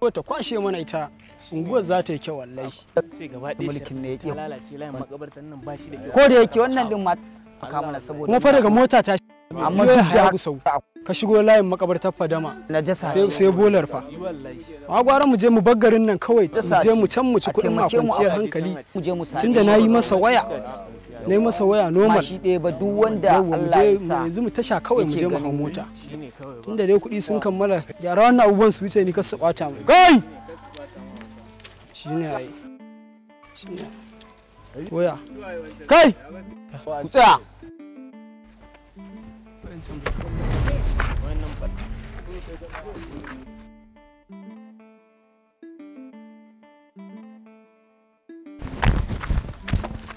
ko ta kwashe mana ita unguwar za ta yi kyau wallahi mulkin ne ya lalace layin nan da ko da yake wannan din ma aka mana saboda kuma fara daga mota ta amma duk da haka sau ka shigo layin makabartar fadama sai bolar fa ma gwara mu je mu baggarin nan kawai mu je mu can mu ci kuɗin ma kwanciyar hankali tunda na yi masa waya na yi masa waya normal yanzu mu tasha kawai mu je mu hau mota tunda dai kuɗi sun kammala gyara wannan abubuwan su wuce ni ka su ɓata mu kai shine ai shine waya kai ku tsaya lấy đâu waɗancan ba wannan ba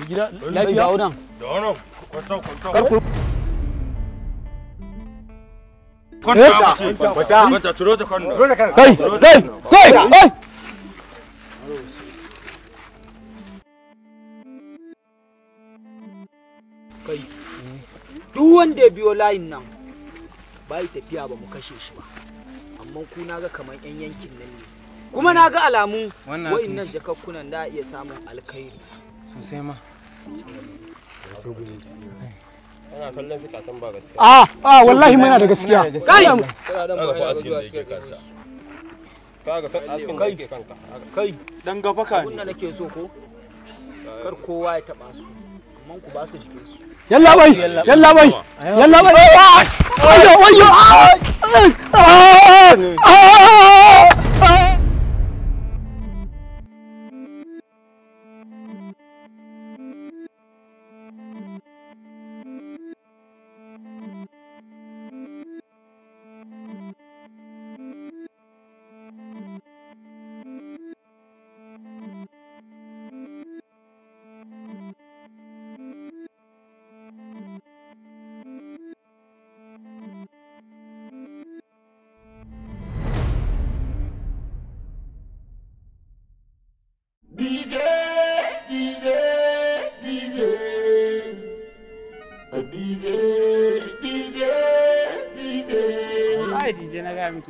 gida lafiya wunan da wannan kwanta kwanta kwanta kwanta kwanta turo ta kwanta kai kai kai wanda ya biyo layin nan ba yi tafiya ba mu kashe shi ba amma ku na ga kamar yan yankin nan ne kuma na ga alamu nan jakakkunan da iya samun alkhairi sosai ma Ana kallon su kasan ba gaskiya. A, a wallahi muna da gaskiya. Kai! mu Kai! Dan gaba ka ne. Wannan nake so ko? Kar kowa ya taba su. kaman ku ba su jikin su ayo ayo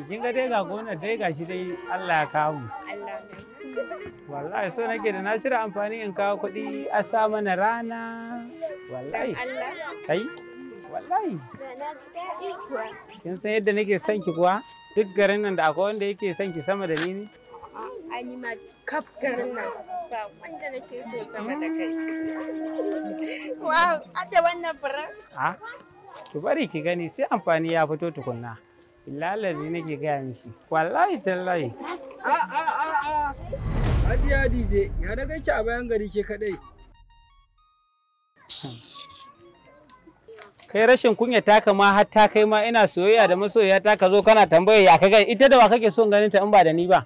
kin ga dai ga gona dai gashi dai Allah ya kawo wallahi so nake da na shirya amfani in kawo kuɗi a sa mana rana wallahi kai wallahi kin san yadda nake son ki kuwa duk garin nan da akwai wanda yake son ki sama da ni ne ani ma kaf garin nan ba wanda nake so sama da kai wow da wannan fara Ha? ki bari ki gani sai amfani ya fito tukunna lalazi nake gaya miki wallahi tallahi a a a a dije ya daga ki a bayan gari ke kadai kai rashin kunya taka ma har ta kai ma ina soyayya da masoyiya ta ka zo kana tambaya ya kaga ita da wa kake son ganin ta in ba da ni ba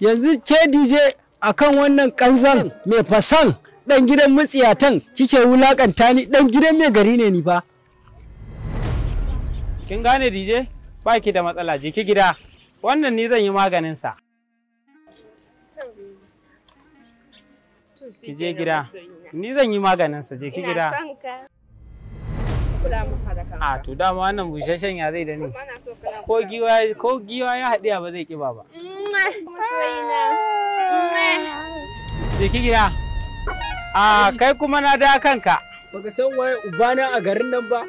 yanzu ke dije akan wannan kanzan mai fasan dan gidan mutsiyatan kike wulakanta ni dan gidan mai gari ne ni fa kin gane dj? ba ki da matsala jiki gida wannan ni zan yi maganin sa ki je gida ni zan yi maganin sa jiki gida a to dama wannan bushashen ya zai da ni ko giwa ko giwa ya haɗiya ba zai kiba ba jiki gida a kai kuma na da kanka baka san waye ubana a garin nan ba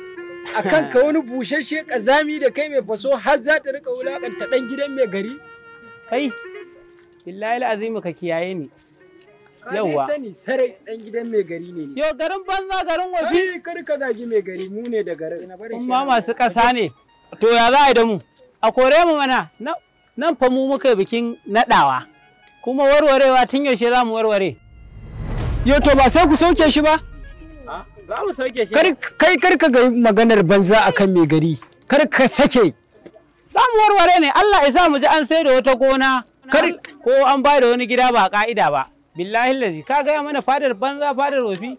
a kan ka wani bushashe kazami da kai mai faso har za ta rika ta dan gidan mai gari kai billahi azimi ka kiyaye ni Ka sani sarai dan gidan mai gari ne yo garin banza garin wafi kai kar ka zagi mai gari mu ne da garin Kun ma masu kasa ne to ya za a yi da mu a kore mu mana nan fa mu muka bikin nadawa kuma warwarewa tun yaushe za mu warware yo to ba sai ku sauke shi ba Za mu sauke shi. Kai kar ka ga maganar banza akan mai gari. Kar ka sake. Za mu warware ne Allah ya sa mu ji an sai da wata gona. Ko an ba da wani gida ba ka'ida ba. Billahi lazi ka gaya mana fadar banza fadar wofi.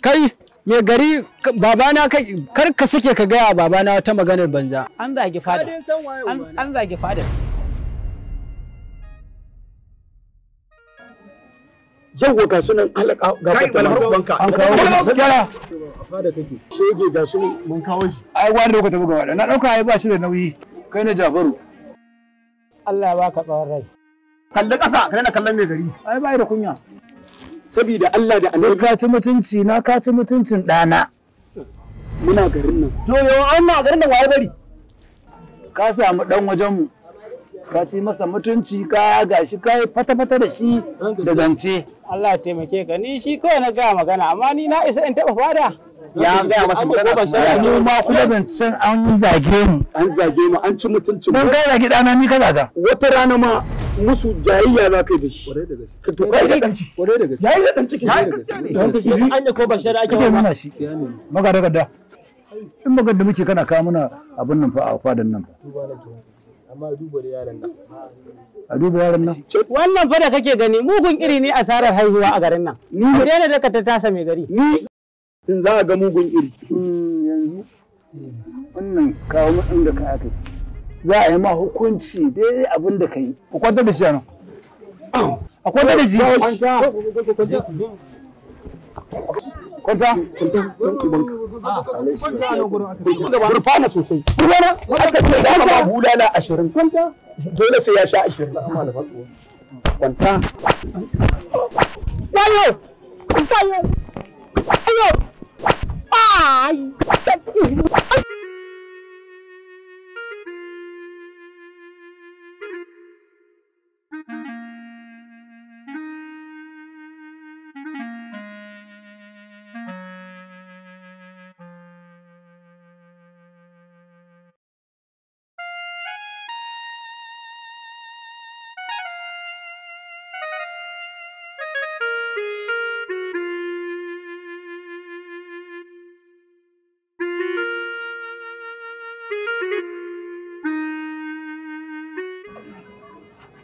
Kai mai gari babana kar ka sake ka gaya babana ta maganar banza. An zage fadar. An zage fadar. yawwa ga sunan alaka ga kai balmar an kawo shi kyara fada kake shege ga su mun kawo shi ai wani dauka tafi gaba na dauka ai ba shi da nauyi kai na jabaru Allah ya baka tsawon rai kalli kasa kai na kallon mai gari ai bai da kunya saboda Allah da annabi ka ci mutunci na ka ci mutuncin dana muna garin nan to yau an ma garin nan waye bari ka samu dan wajen mu ka ci masa mutunci ka gashi ka fata-fata da shi da zance Allah taimake ka ni shi kawai na gaya magana amma ni na isa in taɓa fada. Ya gaya masa magana ba shi mu ma kuma san an zage mu. An zage mu an ci mutuncin mu. Mun ga zage dana ni ka zaga. Wata rana ma musu jayayya ba kai da shi. kware da gaske. to kai da danci. kware da gaske. Yayi da danci ke. Yayi gaskiya ne. Don kike an ne ko ba ake ba. Muna shi. Magana da in magana da muke kana kawo muna abin nan fa a fadan nan fa. amma duba da yaran nan a duba yaran nan wannan fa da kake gani mugun iri ne asarar haihuwa a garin nan ni daina da ka ta tasa mai gari ni in za ga mugun iri hmm, yanzu wannan kawo mutum da ka aka za a yi ma hukunci daidai abin da ka yi ku kwanta da shi nan a kwanta da shi kwanta kwanta sosai gurfana aka ce da ma bulala 20 kwanta dole sai ya sha ashirin. kwanta wayo wayo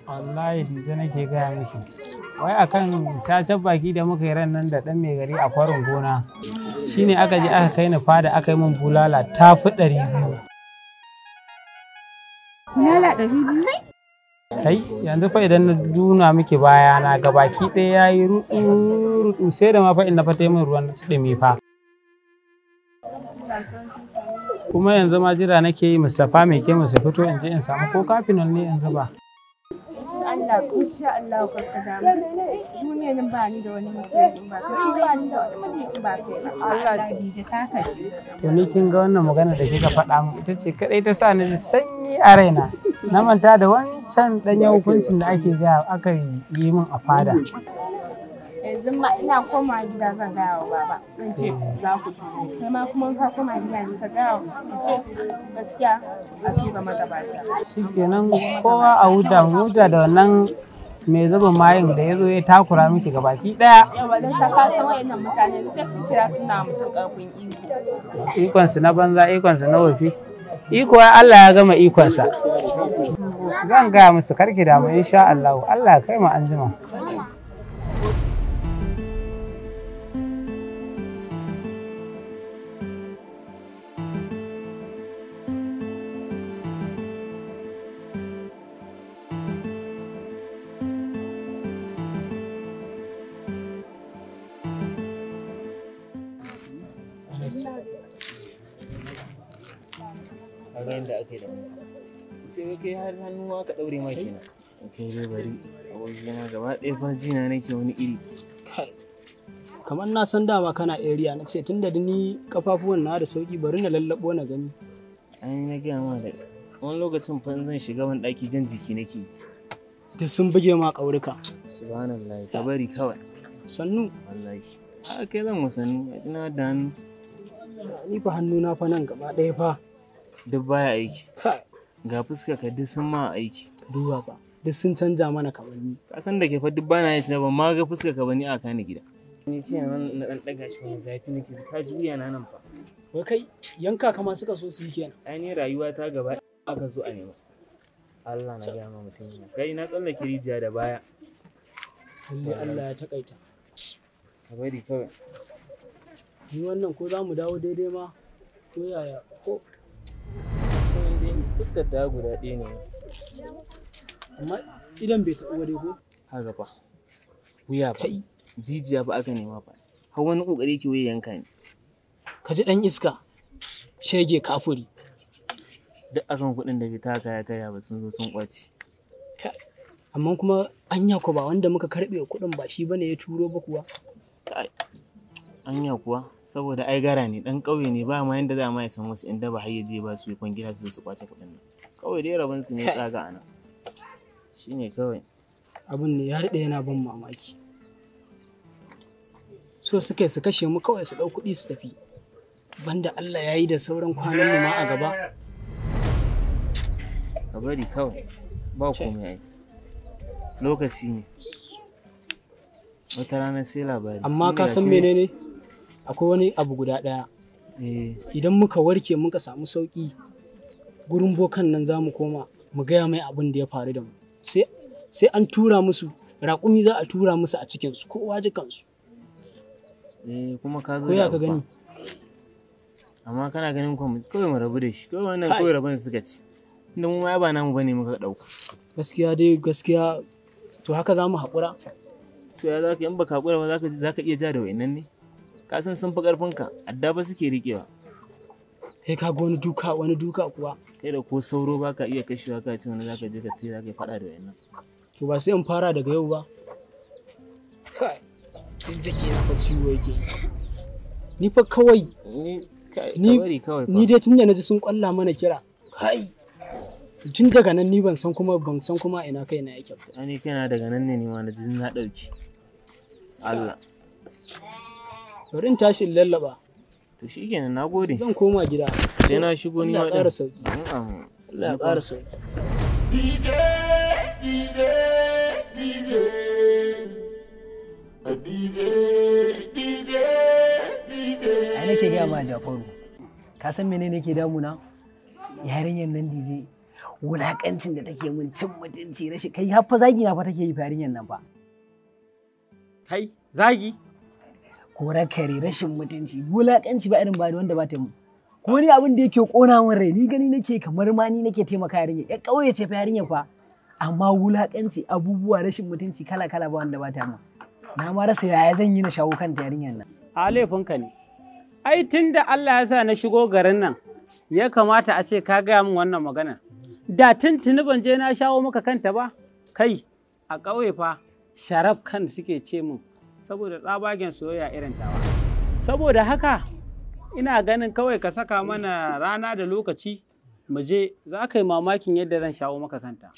wallahi da nake gaya miki wai akan cacar baki da muka yi ran nan da ɗan mai gari a kwarin gona shine aka je aka kai ni fada aka yi min bulala ta fi ɗari biyu bulala ɗari biyu kai yanzu fa idan na duna miki baya na ga baki ɗaya ya yi rudu sai da ma fa na fata min ruwan ɗumi fa kuma yanzu ma jira nake yi mustapha mai ke musu fito in je in samu ko kafinan ne yanzu ba Allah insha Allah ka kada duniya nan ba ni da wani mutum ba kai ba ni da wani mutum ba kai Allah da ta ce to ni kin ga wannan magana da kika faɗa mu ita ce kadai ta sa ni sanyi a raina na manta da wancan danyen hukuncin da ake ga aka yi min a fada yanzu ma ina koma gida zan gaya wa baba zan ce za ku turo kai ma kuma ka koma gida ne ka gaya wa ce gaskiya a tura magabata shikenan kowa a huta huta da wannan mai zuba mayin da ya zo ya takura miki ga baki daya. ba zan ta kasa wayannan mutane sai su cira suna mutum karfin iko. Ikon su na banza ikon su na wofi. Iko ya Allah ya gama ikonsa. Zan gaya musu karki da mu insha Allah. Allah kai ma anjima. ga yadda aka yi da mu sai kai har hannu aka daure ma kenan kai dai bari abokina gaba ɗaya fa jina nake wani iri kamar na san dama kana area na ce tunda da ni kafafuwan na da sauki bari na lallabo na gani Ai na gaya ma da wani lokacin fa zan shiga wani ɗaki jan jiki nake Da sun buge ma ƙaurika subhanallah ka bari kawai sannu wallahi a kai zan wasanni a tuna da hannu ni fa hannu na fa nan gaba ɗaya fa duk baya aiki ga fuska ka duk sun ma aiki duba ba duk sun canja mana bani. ka san da ke fa duk bana yin ba ma ga fuska ka bani a kani gida ni ke nan na dan daga shi wani zafi nake ka juya na nan fa wai kai yanka kama suka so su yi kenan ai ne rayuwa ta gaba aka zo a nema Allah na gaya ma mutum ne kai na tsallake rijiya da baya Allah Allah ya takaita ka bari kawai ni wannan ko za mu dawo daidai ma ko yaya ko fuskar da guda ɗaya ne amma idan bai taɓa wani ko haka ba wuya ba jijiya ba aka nema ba har wani kokari ke waye yanka ne ka ji dan iska shege kafuri duk akan kuɗin da bai taka ya kaya ba sun zo sun kwaci amma kuma anya ko ba wanda muka karɓe kuɗin ba shi bane ya turo ba kuwa anya kuwa saboda ai gara ne dan ƙauye ne ba ma yanda za ma ya san wasu inda ba har je ba su yi kwangila su su kwace kuɗin nan Kauye dai rabin su ne tsaga ana shine kauye abin ne ya daɗe yana ban mamaki so suke su kashe mu kawai su dau kudi su tafi banda Allah ya yi da sauran kwanan mu ma a gaba ka bari kawai ba komai ai lokaci ne wata rana sai labari amma ka san menene akwai wani abu guda ɗaya eh. idan muka warke muka samu sauƙi gurin bokan nan za mu koma mu gaya mai abin da ya faru da mu sai an tura musu raƙumi za a tura musu a cikinsu kowa jikansu eh, kuma ka zo ka gani amma kana ganin kawai mu rabu da shi kawai wannan kawai rabon suka ci inda mu ma ba namu bane muka ɗauka gaskiya dai gaskiya to haka za mu haƙura to ya za ka in baka haƙura ba za ka iya ja da wayannan ne ka san sun fi ƙarfinka adda ba suke riƙewa kai ka ga wani duka wani duka kuwa kai da ko sauro ba ka iya kashewa ka ce wani za ka je ka tira za ka faɗa da wannan to ba sai in fara daga yau ba kai jike na fa ciwo yake ni fa kawai ni ni dai tun da naji sun kwalla mana kira kai tun daga nan ni ban san kuma ban san kuma ina kaina yake ba ni kaina daga nan ne ni ma na na dauki Allah bari in tashi in lallaba to shi kenan na gode zan koma gida sai na shigo ni ma ƙara sauki Allah ya ƙara sauki DJ DJ DJ DJ DJ DJ a nake ga ma Jafaru ka san menene nake damuna yarinyar nan DJ wulakancin da take mun cin mutunci rashin kai har fa zagi na fa take yi yarinyar nan fa kai zagi kore kare rashin mutunci wulakanci ba irin ba wanda ba ta mu Ko ni abin da yake kona min rai ni gani nake kamar ma ni nake taimaka yarinya ya kauye ce fa yarinya fa amma wulakanci abubuwa rashin mutunci kala kala ba wanda ba ta mu na ma rasa yaya zan yi na shawo kan yarinyar nan a laifinka ne ai tunda Allah ya sa na shigo garin nan ya kamata a ce ka gaya min wannan magana da tuntuni ban je na shawo maka kanta ba kai a ƙauye fa sharaf kan suke ce min saboda tsabagen soyayya irin tawa saboda haka ina ganin kawai ka saka mana rana da lokaci mu je za ka yi mamakin yadda zan shawo maka kanta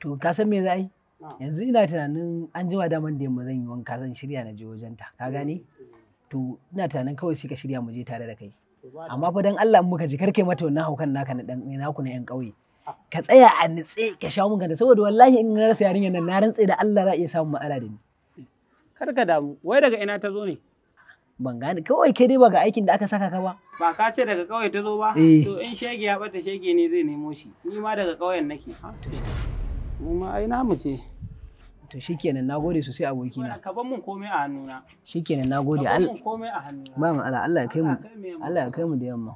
to ka san me za yi ah. yanzu ina tunanin an jima daman da yamma zan yi wanka zan shirya na je ta. ka gane to ina tunanin kawai shi ka shirya mu je tare da kai amma fa dan Allah muka ji karke mata wannan haukan naka na dan naku na yan kauye ka tsaya a nitse ka shawo mun kanta saboda wallahi in na rasa yarinyar nan na rantse da Allah za a iya samun ma'ala da ni kar ka damu wai daga ina ta zo ne ban gane kawai kai dai ba ga aikin da aka saka ka ba ba ka ce daga kawai ta zo ba eh. to in shege ya bata shege ne zai nemo shi ni ma daga kauyen nake ah, mu ma ai namu ce to shikenan nagode sosai aboki na ka ban mun komai a hannuna shikenan nagode Allah komai a hannuna ba mun Allah Allah ya kai mu Allah ya kai mu da yamma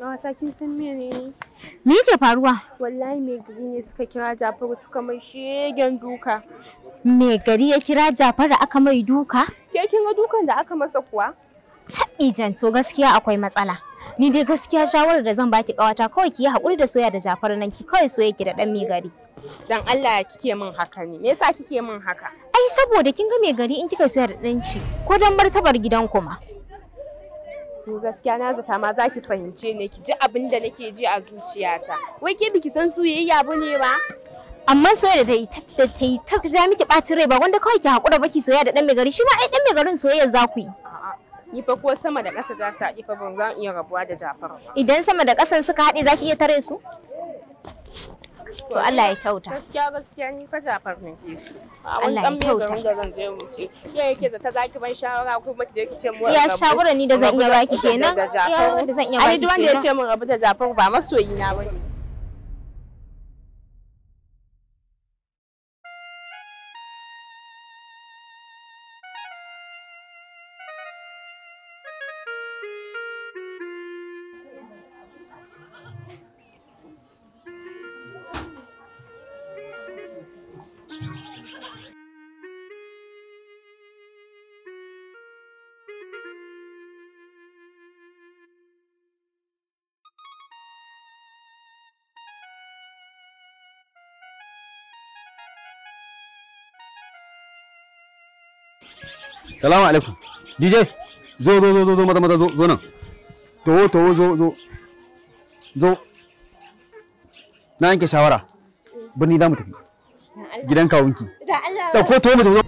Ƙawata kin san mene Me yake faruwa? Wallahi mai gari ne suka kira Jafaru suka mai shegen duka. Mai gari ya kira Jafaru aka mai duka? Ke kin ga dukan da aka masa kuwa? Ta'ijan janto gaskiya akwai matsala. Ni dai gaskiya shawarar da zan baki ƙawata kawai ki yi haƙuri da soya da Jafaru nan ki kawai soya ki da ɗan mai gari. Dan Allah kike min haka ne. Me yasa kike min haka? Ai saboda kin ga mai gari in kika soya da ɗanci, shi ko dan martabar gidan kuma. ku gaskiya na zata ma za ki fahimce ni ki ji abin da nake ji a zuciyata wai ke biki san soyayya ne ba amma soyayya da ta ta ta ja miki ɓacin rai ba wanda kawai ki haƙura baki soyayya da ɗan mai gari shi ma ai ɗan mai garin soyayya za ku yi ni fa ko sama da ƙasa za su haɗi fa ban zan iya rabuwa da Jafar ba idan sama da ƙasan suka haɗe za ki iya tare su to Allah ya kyauta gaskiya gaskiya ni fa Jafar ne ke shi Allah ya kyauta ga zan je mu ce ya yake za ta zaki ban shawara ko kuma kije kike mu ya shawara ni da zan iya baki kenan ya wanda zan iya baki ai duk wanda ya ce mun abu da Jafar ba masoyi na bane salamu alaikum dj zo zo zo zo mata mata zo zo nan towo towo zo zo zo na yanke shawara birni za mu tafi gidan kawunki da ko towo mu zo